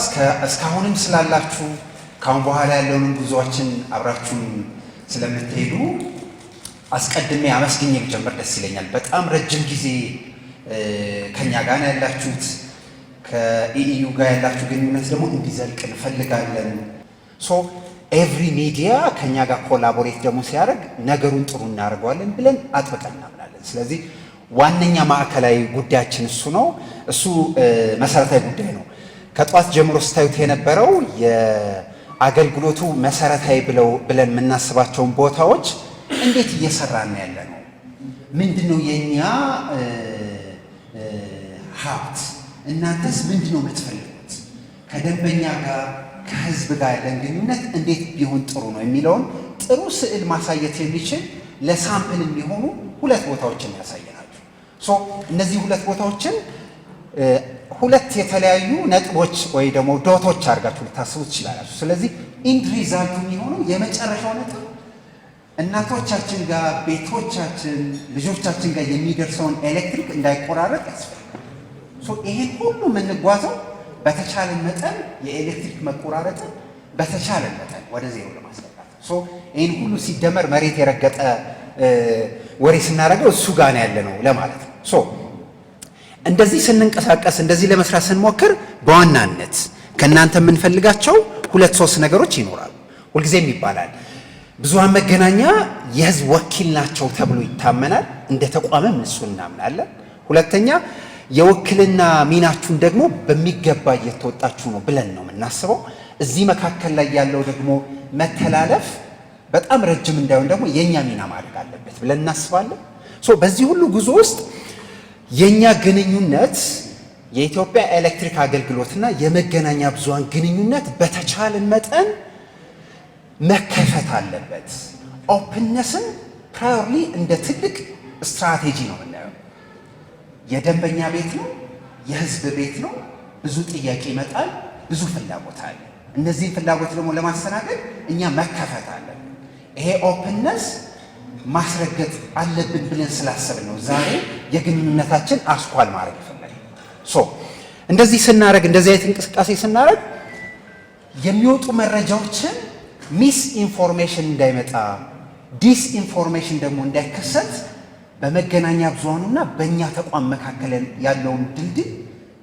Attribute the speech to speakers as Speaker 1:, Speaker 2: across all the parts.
Speaker 1: እስካሁንም ስላላችሁ ካሁን በኋላ ያለውን አብራችሁን ስለምትሄዱ አስቀድሜ አመስግኜ ጀምር ደስ ይለኛል። በጣም ረጅም ጊዜ ከኛ ጋር ያላችሁት። ከኢዩ ጋር ያላችሁ ግንኙነት ደግሞ እንዲዘልቅ እንፈልጋለን። ሶ ኤቭሪ ሚዲያ ከኛ ጋር ኮላቦሬት ደግሞ ሲያደርግ ነገሩን ጥሩ እናደርገዋለን ብለን አጥብቀን እናምናለን። ስለዚህ ዋነኛ ማዕከላዊ ጉዳያችን እሱ ነው። እሱ መሰረታዊ ጉዳይ ነው። ከጠዋት ጀምሮ ስታዩት የነበረው የአገልግሎቱ መሰረታዊ ብለን የምናስባቸውን ቦታዎች እንዴት እየሰራን ያለ ነው? ምንድን ነው የእኛ ሀብት? እናንተስ ምንድን ነው የምትፈልጉት? ከደንበኛ ጋር ከህዝብ ጋር ያለን ግንኙነት እንዴት ቢሆን ጥሩ ነው የሚለውን ጥሩ ስዕል ማሳየት የሚችል ለሳምፕል የሚሆኑ ሁለት ቦታዎችን ያሳየናል። እነዚህ ሁለት ቦታዎችን ሁለት የተለያዩ ነጥቦች ወይ ደግሞ ዶቶች አድርጋችሁ ልታስቡ ትችላላችሁ። ስለዚህ ኢንድ ሪዛልቱ የሚሆነው የመጨረሻው ነጥብ እናቶቻችን ጋር ቤቶቻችን፣ ልጆቻችን ጋር የሚደርሰውን ኤሌክትሪክ እንዳይቆራረጥ ያስፈልጋል። ይህን ሁሉ የምንጓዘው በተቻለ መጠን የኤሌክትሪክ መቆራረጥን በተቻለ መጠን ወደ ዜሮ ለማስጠጋት ይህን ሁሉ ሲደመር መሬት የረገጠ ወሬ ስናደርገው እሱ ጋር ያለ ነው ለማለት ነው። እንደዚህ ስንንቀሳቀስ እንደዚህ ለመስራት ስንሞክር በዋናነት ከእናንተ የምንፈልጋቸው ሁለት ሶስት ነገሮች ይኖራሉ። ሁልጊዜም ይባላል ብዙሃን መገናኛ የህዝብ ወኪል ናቸው ተብሎ ይታመናል። እንደ ተቋምም እሱ እናምናለን። ሁለተኛ የውክልና ሚናችሁን ደግሞ በሚገባ እየተወጣችሁ ነው ብለን ነው የምናስበው። እዚህ መካከል ላይ ያለው ደግሞ መተላለፍ በጣም ረጅም እንዳይሆን ደግሞ የእኛ ሚና ማድረግ አለበት ብለን እናስባለን። በዚህ ሁሉ ጉዞ ውስጥ የእኛ ግንኙነት የኢትዮጵያ ኤሌክትሪክ አገልግሎትና የመገናኛ ብዙሃን ግንኙነት በተቻለን መጠን መከፈት አለበት። ኦፕንነስን ፕራዮርሊ እንደ ትልቅ ስትራቴጂ ነው የምናየው። የደንበኛ ቤት ነው፣ የህዝብ ቤት ነው። ብዙ ጥያቄ ይመጣል፣ ብዙ ፍላጎት አለ። እነዚህን ፍላጎት ደግሞ ለማስተናገድ እኛ መከፈት አለብን። ይሄ ኦፕንነስ ማስረገጥ አለብን ብለን ስላሰብን ነው ዛሬ የግንኙነታችን አስኳል ማድረግ ይፈለ እንደዚህ ስናደረግ እንደዚህ አይነት እንቅስቃሴ ስናደረግ የሚወጡ መረጃዎችን ሚስ ኢንፎርሜሽን እንዳይመጣ ዲስ ኢንፎርሜሽን ደግሞ እንዳይከሰት በመገናኛ ብዙሃኑና በእኛ ተቋም መካከል ያለውን ድልድይ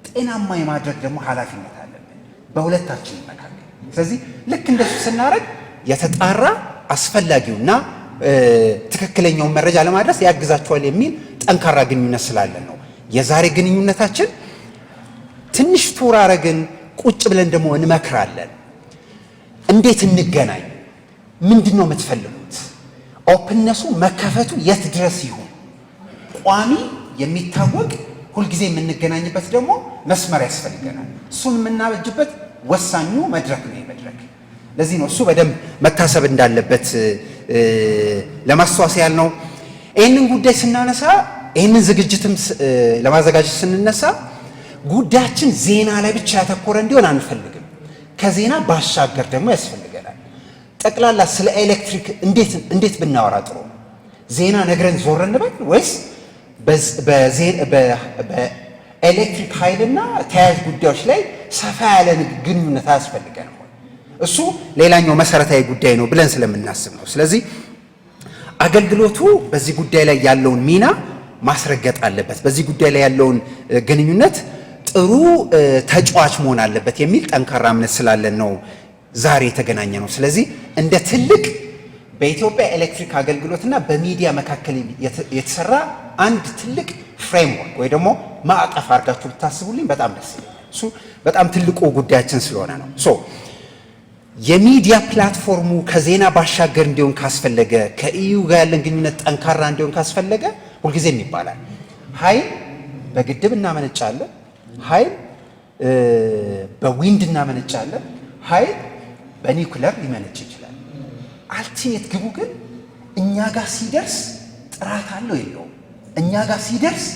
Speaker 1: ጤናማ የማድረግ ደግሞ ኃላፊነት አለብን በሁለታችን መካከል። ስለዚህ ልክ እንደሱ ስናደረግ የተጣራ አስፈላጊውና ትክክለኛውን መረጃ ለማድረስ ያግዛቸዋል የሚል ጠንካራ ግንኙነት ስላለን ነው። የዛሬ ግንኙነታችን ትንሽ ግን ቁጭ ብለን ደግሞ እንመክራለን። እንዴት እንገናኝ? ምንድን ነው የምትፈልጉት? ኦፕነሱ መከፈቱ የት ድረስ ይሁን? ቋሚ የሚታወቅ ሁልጊዜ የምንገናኝበት ደግሞ መስመር ያስፈልገናል። እሱን የምናበጅበት ወሳኙ መድረክ ነው የመድረክ ለዚህ ነው እሱ በደንብ መታሰብ እንዳለበት ለማስተዋሰያል ያህል ነው። ይህንን ጉዳይ ስናነሳ ይህንን ዝግጅትም ለማዘጋጀት ስንነሳ ጉዳያችን ዜና ላይ ብቻ ያተኮረ እንዲሆን አንፈልግም። ከዜና ባሻገር ደግሞ ያስፈልገናል። ጠቅላላ ስለ ኤሌክትሪክ እንዴት ብናወራ ጥሩ ዜና ነግረን ዞር እንበል ወይስ በኤሌክትሪክ ኃይልና ተያያዥ ጉዳዮች ላይ ሰፋ ያለ ግንኙነት አያስፈልገንም? እሱ ሌላኛው መሰረታዊ ጉዳይ ነው ብለን ስለምናስብ ነው። ስለዚህ አገልግሎቱ በዚህ ጉዳይ ላይ ያለውን ሚና ማስረገጥ አለበት፣ በዚህ ጉዳይ ላይ ያለውን ግንኙነት ጥሩ ተጫዋች መሆን አለበት የሚል ጠንካራ እምነት ስላለን ነው ዛሬ የተገናኘ ነው። ስለዚህ እንደ ትልቅ በኢትዮጵያ ኤሌክትሪክ አገልግሎትና በሚዲያ መካከል የተሰራ አንድ ትልቅ ፍሬምወርክ ወይ ደግሞ ማዕቀፍ አድርጋችሁ ብታስቡልኝ በጣም ደስ ይለኛል። እሱ በጣም ትልቁ ጉዳያችን ስለሆነ ነው። የሚዲያ ፕላትፎርሙ ከዜና ባሻገር እንዲሆን ካስፈለገ ከኢዩ ጋር ያለን ግንኙነት ጠንካራ እንዲሆን ካስፈለገ ሁልጊዜም ይባላል ኃይል በግድብ እናመነጫለን፣ ኃይል በዊንድ እናመነጫለን፣ ኃይል በኒውክለር ሊመነጭ ይችላል። አልቲሜት ግቡ ግን እኛ ጋር ሲደርስ ጥራት አለው የለውም፣ እኛ ጋር ሲደርስ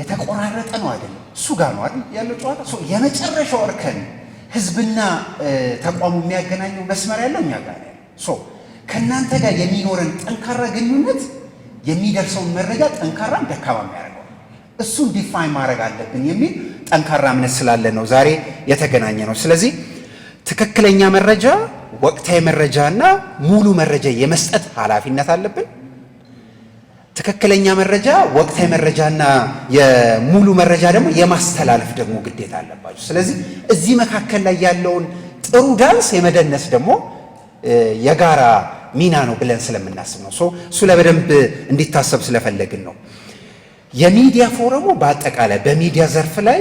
Speaker 1: የተቆራረጠ ነው አይደለም፣ እሱ ጋር ነው አይደል ያለው ጨዋታ የመጨረሻው እርከን ህዝብና ተቋሙ የሚያገናኘው መስመር ያለው እኛ ጋር ሶ ከእናንተ ጋር የሚኖረን ጠንካራ ግንኙነት የሚደርሰውን መረጃ ጠንካራም ደካማም ያደርገዋል። እሱን ዲፋይን ማድረግ አለብን የሚል ጠንካራ እምነት ስላለን ነው ዛሬ የተገናኘ ነው። ስለዚህ ትክክለኛ መረጃ፣ ወቅታዊ መረጃ እና ሙሉ መረጃ የመስጠት ኃላፊነት አለብን። ትክክለኛ መረጃ ወቅታዊ መረጃና የሙሉ መረጃ ደግሞ የማስተላለፍ ደግሞ ግዴታ አለባቸው። ስለዚህ እዚህ መካከል ላይ ያለውን ጥሩ ዳንስ የመደነስ ደግሞ የጋራ ሚና ነው ብለን ስለምናስብ ነው። እሱ ለበደንብ እንዲታሰብ ስለፈለግን ነው። የሚዲያ ፎረሙ በአጠቃላይ በሚዲያ ዘርፍ ላይ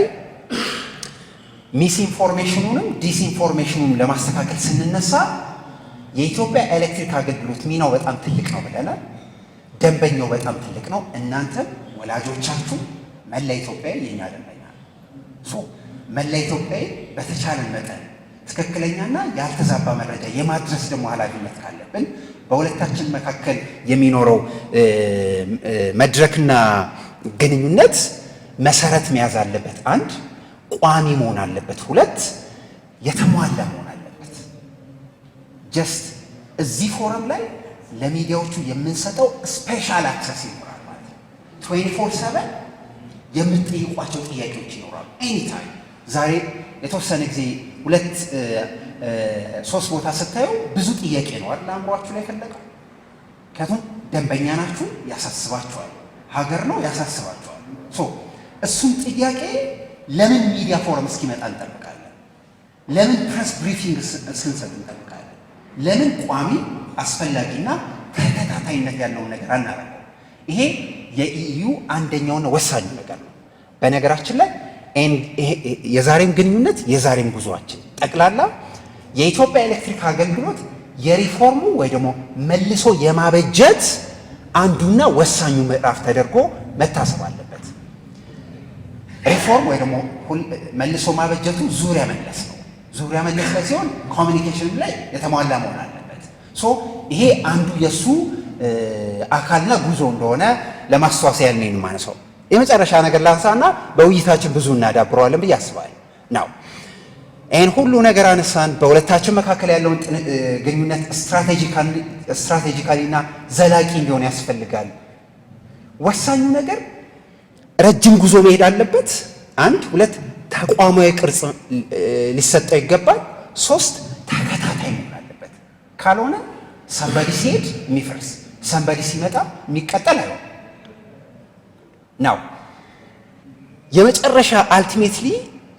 Speaker 1: ሚስኢንፎርሜሽኑንም ዲስኢንፎርሜሽኑንም ለማስተካከል ስንነሳ የኢትዮጵያ ኤሌክትሪክ አገልግሎት ሚናው በጣም ትልቅ ነው ብለናል። ደንበኛው በጣም ትልቅ ነው። እናንተ ወላጆቻችሁ መላ ኢትዮጵያ የኛ ደንበኛ ነው። መላ ኢትዮጵያ በተቻለን መጠን ትክክለኛና ያልተዛባ መረጃ የማድረስ ደግሞ ኃላፊነት ካለብን በሁለታችን መካከል የሚኖረው መድረክና ግንኙነት መሰረት መያዝ አለበት። አንድ ቋሚ መሆን አለበት። ሁለት የተሟላ መሆን አለበት። ጀስት እዚህ ፎረም ላይ ለሚዲያዎቹ የምንሰጠው ስፔሻል አክሰስ ይኖራል ማለት ነው። 24 ሰቨን የምትጠይቋቸው ጥያቄዎች ይኖራሉ። ኤኒታይም ዛሬ የተወሰነ ጊዜ ሁለት ሶስት ቦታ ስታዩ ብዙ ጥያቄ ነው አለ አእምሯችሁ ላይ ፈለቀው። ምክንያቱም ደንበኛ ናችሁ፣ ያሳስባችኋል። ሀገር ነው ያሳስባችኋል። ሶ እሱም ጥያቄ ለምን ሚዲያ ፎረም እስኪመጣ እንጠብቃለን? ለምን ፕሬስ ብሪፊንግ እስክንሰጥ እንጠብቃለን? ለምን ቋሚ አስፈላጊና ተከታታይነት ያለውን ነገር አናረገው። ይሄ የኢዩ አንደኛውና ወሳኙ ነገር ነው። በነገራችን ላይ የዛሬም ግንኙነት የዛሬም ጉዞአችን ጠቅላላ የኢትዮጵያ ኤሌክትሪክ አገልግሎት የሪፎርሙ ወይ ደግሞ መልሶ የማበጀት አንዱና ወሳኙ ምዕራፍ ተደርጎ መታሰብ አለበት። ሪፎርም ወይ ደግሞ መልሶ ማበጀቱ ዙሪያ መለስ ነው። ዙሪያ መለስ ላይ ሲሆን ኮሚኒኬሽን ላይ የተሟላ መሆን አለ። ይሄ አንዱ የእሱ አካልና ጉዞ እንደሆነ ለማስተዋሰ ያልነኝ ማነሰው የመጨረሻ ነገር ላንሳና በውይይታችን ብዙ እናዳብረዋለን ብዬ አስባለሁ ነው። ይህን ሁሉ ነገር አነሳን። በሁለታችን መካከል ያለውን ግንኙነት ስትራቴጂካሊና ዘላቂ እንዲሆን ያስፈልጋል። ወሳኙ ነገር ረጅም ጉዞ መሄድ አለበት። አንድ ሁለት ተቋማዊ ቅርጽ ሊሰጠው ይገባል። ሶስት ካልሆነ ሰንበዲ ሲሄድ የሚፈርስ ሰንበዲ ሲመጣ የሚቀጠል አይሆን ነው። የመጨረሻ አልቲሜትሊ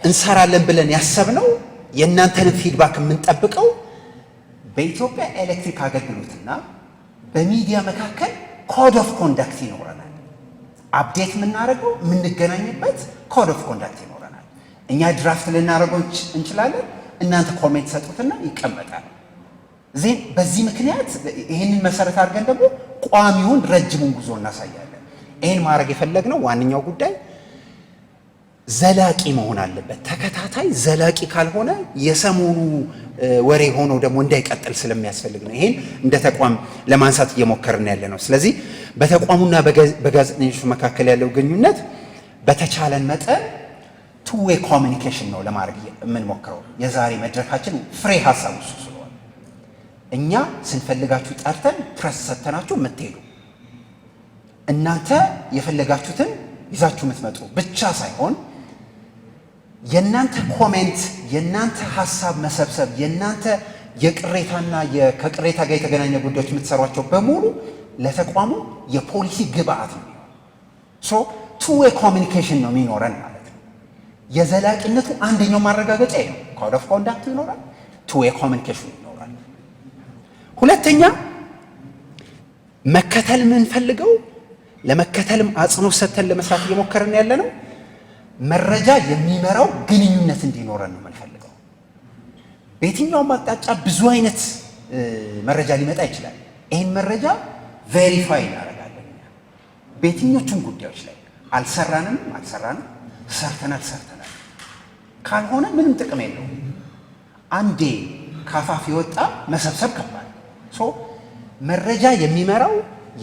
Speaker 1: እንሰራለን ብለን ያሰብነው የእናንተንም ፊድባክ የምንጠብቀው በኢትዮጵያ ኤሌክትሪክ አገልግሎትና በሚዲያ መካከል ኮድ ኦፍ ኮንዳክት ይኖረናል። አፕዴት የምናደርገው የምንገናኝበት ኮድ ኦፍ ኮንዳክት ይኖረናል። እኛ ድራፍት ልናደርገው እንችላለን። እናንተ ኮሜንት ሰጡትና ይቀመጣል። ዜን በዚህ ምክንያት ይህንን መሰረት አድርገን ደግሞ ቋሚውን ረጅሙን ጉዞ እናሳያለን። ይህን ማድረግ የፈለግነው ዋነኛው ጉዳይ ዘላቂ መሆን አለበት። ተከታታይ ዘላቂ ካልሆነ የሰሞኑ ወሬ ሆኖ ደግሞ እንዳይቀጥል ስለሚያስፈልግ ነው። ይህን እንደ ተቋም ለማንሳት እየሞከርን ያለ ነው። ስለዚህ በተቋሙና በጋዜጠኞች መካከል ያለው ግንኙነት በተቻለን መጠን ቱዌ ኮሚኒኬሽን ነው ለማድረግ የምንሞክረው። የዛሬ መድረካችን ፍሬ ሀሳብ እኛ ስንፈልጋችሁ ጠርተን ፕረስ ሰተናችሁ የምትሄዱ እናንተ የፈለጋችሁትን ይዛችሁ የምትመጡ ብቻ ሳይሆን የእናንተ ኮሜንት፣ የእናንተ ሀሳብ መሰብሰብ፣ የእናንተ የቅሬታና ከቅሬታ ጋር የተገናኘ ጉዳዮች የምትሰሯቸው በሙሉ ለተቋሙ የፖሊሲ ግብአት ነው። ሶ ቱ ዌይ ኮሚኒኬሽን ነው የሚኖረን ማለት ነው። የዘላቂነቱ አንደኛው ማረጋገጫ ነው። ኮድ ኦፍ ኮንዳክት ይኖራል። ቱ ዌይ ኮሚኒኬሽን ሁለተኛ መከተል የምንፈልገው ለመከተልም አጽንኦት ሰጥተን ለመስራት እየሞከርን ያለ ነው። መረጃ የሚመራው ግንኙነት እንዲኖረን ነው የምንፈልገው። በየትኛውም አቅጣጫ ብዙ አይነት መረጃ ሊመጣ ይችላል። ይህን መረጃ ቬሪፋይ እናደርጋለን። በየትኞቹም ጉዳዮች ላይ አልሰራንም አልሰራንም፣ ሰርተናል ሰርተናል ካልሆነ ምንም ጥቅም የለውም። አንዴ ካፋፍ የወጣ መሰብሰብ ከባድ ሶ መረጃ የሚመራው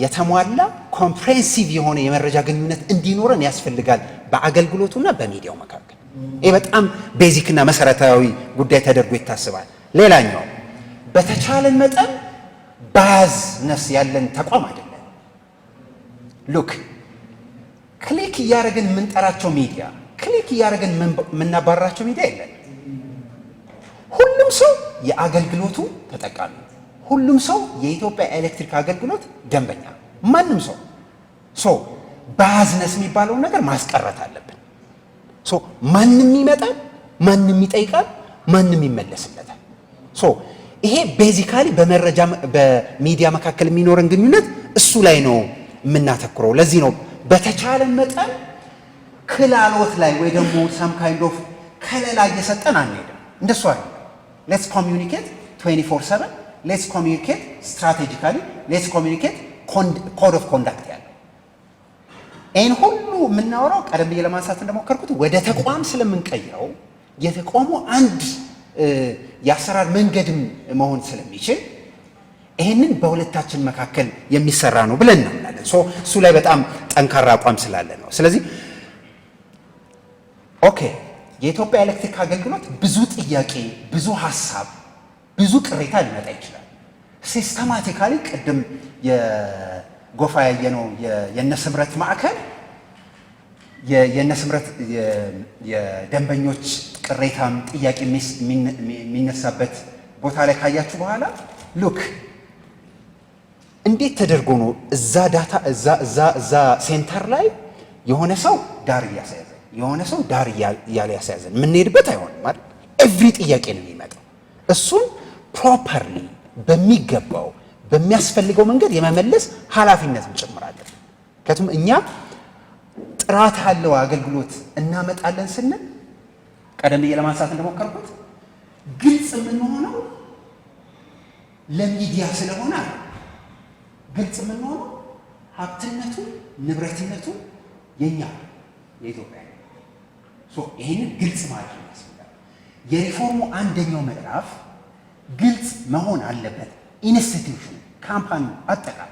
Speaker 1: የተሟላ ኮምፕሬንሲቭ የሆነ የመረጃ ግንኙነት እንዲኖረን ያስፈልጋል በአገልግሎቱና በሚዲያው መካከል። ይህ በጣም ቤዚክና መሰረታዊ ጉዳይ ተደርጎ ይታስባል። ሌላኛው በተቻለን መጠን ባያዝነስ ያለን ተቋም አይደለም። ሉክ ክሊክ እያደረግን የምንጠራቸው ሚዲያ ክሊክ እያደረግን የምናባራቸው ሚዲያ የለን። ሁሉም ሰው የአገልግሎቱ ተጠቃሚ ሁሉም ሰው የኢትዮጵያ ኤሌክትሪክ አገልግሎት ደንበኛ፣ ማንም ሰው ሶ ባዝነስ የሚባለውን ነገር ማስቀረት አለብን። ሶ ማንም ይመጣል፣ ማንም ይጠይቃል፣ ማንም ይመለስለታል። ሶ ይሄ ቤዚካሊ በመረጃ በሚዲያ መካከል የሚኖረን ግንኙነት እሱ ላይ ነው የምናተኩረው። ለዚህ ነው በተቻለ መጠን ክላሎት ላይ ወይ ደግሞ ሳም ካይንድ ኦፍ ከለላ እየሰጠን አንሄድም። እንደሱ አይደለም። ሌትስ ኮሚኒኬት 24/7 ሌትስ ኮሚኒኬት ስትራቴጂካሊ፣ ሌትስ ኮሚኒኬት ኮድ ኦፍ ኮንዳክት ያለው ይህን ሁሉ የምናወራው ቀደም ብዬ ለማንሳት እንደሞከርኩት ወደ ተቋም ስለምንቀይረው የተቋሙ አንድ የአሰራር መንገድም መሆን ስለሚችል ይህንን በሁለታችን መካከል የሚሰራ ነው ብለን እናምናለን። እሱ ላይ በጣም ጠንካራ አቋም ስላለ ነው። ስለዚህ ኦኬ የኢትዮጵያ ኤሌክትሪክ አገልግሎት ብዙ ጥያቄ፣ ብዙ ሀሳብ ብዙ ቅሬታ ሊመጣ ይችላል። ሲስተማቲካሊ ቅድም የጎፋ ያየነው የነስምረት ማዕከል የነስምረት የደንበኞች ቅሬታም ጥያቄ የሚነሳበት ቦታ ላይ ካያችሁ በኋላ ሉክ እንዴት ተደርጎ ነው እዛ ዳታ እዛ ሴንተር ላይ የሆነ ሰው ዳር እያስያዘን የሆነ ሰው ዳር እያለ ያስያዘን የምንሄድበት አይሆንም ማለት ኤቭሪ ጥያቄ ነው የሚመጣው እሱን ፕሮፐርሊ በሚገባው በሚያስፈልገው መንገድ የመመለስ ኃላፊነት እንጨምራለን። ምክንያቱም እኛ ጥራት ያለው አገልግሎት እናመጣለን ስንል ቀደም ብዬ ለማንሳት እንደሞከርኩት ግልጽ የምንሆነው ለሚዲያ ስለሆነ ግልጽ የምንሆነው ሀብትነቱ ንብረትነቱ የኛ የኢትዮጵያ ይህንን ግልጽ ማድረግ ያስፈልጋል። የሪፎርሙ አንደኛው ምዕራፍ ግልጽ መሆን አለበት። ኢንስቲትዩሽኑ፣ ካምፓኒው አጠቃላይ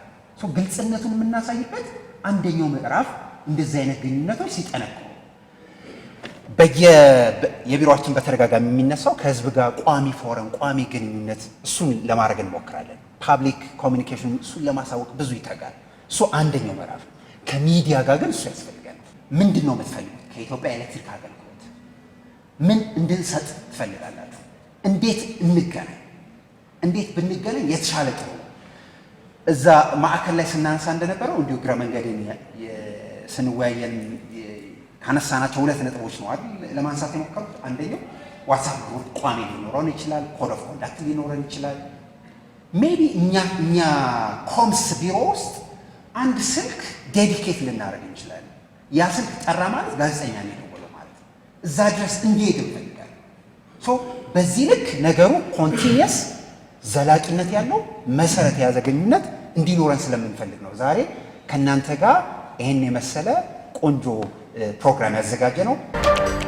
Speaker 1: ግልጽነቱን የምናሳይበት አንደኛው ምዕራፍ እንደዚህ አይነት ግንኙነቶች ሲጠነክሩ በየቢሮችን በተደጋጋሚ የሚነሳው ከህዝብ ጋር ቋሚ ፎረም፣ ቋሚ ግንኙነት እሱን ለማድረግ እንሞክራለን። ፓብሊክ ኮሚኒኬሽን እሱን ለማሳወቅ ብዙ ይተጋል። እሱ አንደኛው ምዕራፍ። ከሚዲያ ጋር ግን እሱ ያስፈልጋል። ምንድን ነው የምትፈልጉት? ከኢትዮጵያ ኤሌክትሪክ አገልግሎት ምን እንድንሰጥ ትፈልጋላችሁ? እንዴት እንገናኝ? እንዴት ብንገናኝ የተሻለ ጥሩ እዛ ማዕከል ላይ ስናነሳ እንደነበረው እንዲሁ እግረ መንገድን ስንወያየን ካነሳናቸው ሁለት ነጥቦች ነው አይደል ለማንሳት የሞከሩት። አንደኛው ዋትሳፕ ግሩፕ ቋሚ ሊኖረን ይችላል፣ ኮድ ኦፍ ኮንዳክት ሊኖረን ይችላል። ሜቢ እኛ እኛ ኮምስ ቢሮ ውስጥ አንድ ስልክ ዴዲኬት ልናደርግ እንችላለን። ያ ስልክ ጠራ ማለት ጋዜጠኛ የሚደውለው ማለት ነው። እዛ ድረስ እንዲሄድ እንፈልጋለን። በዚህ ልክ ነገሩ ኮንቲኒየስ ዘላቂነት ያለው መሰረት የያዘ ግንኙነት እንዲኖረን ስለምንፈልግ ነው። ዛሬ ከእናንተ ጋር ይህን የመሰለ ቆንጆ ፕሮግራም ያዘጋጀ ነው።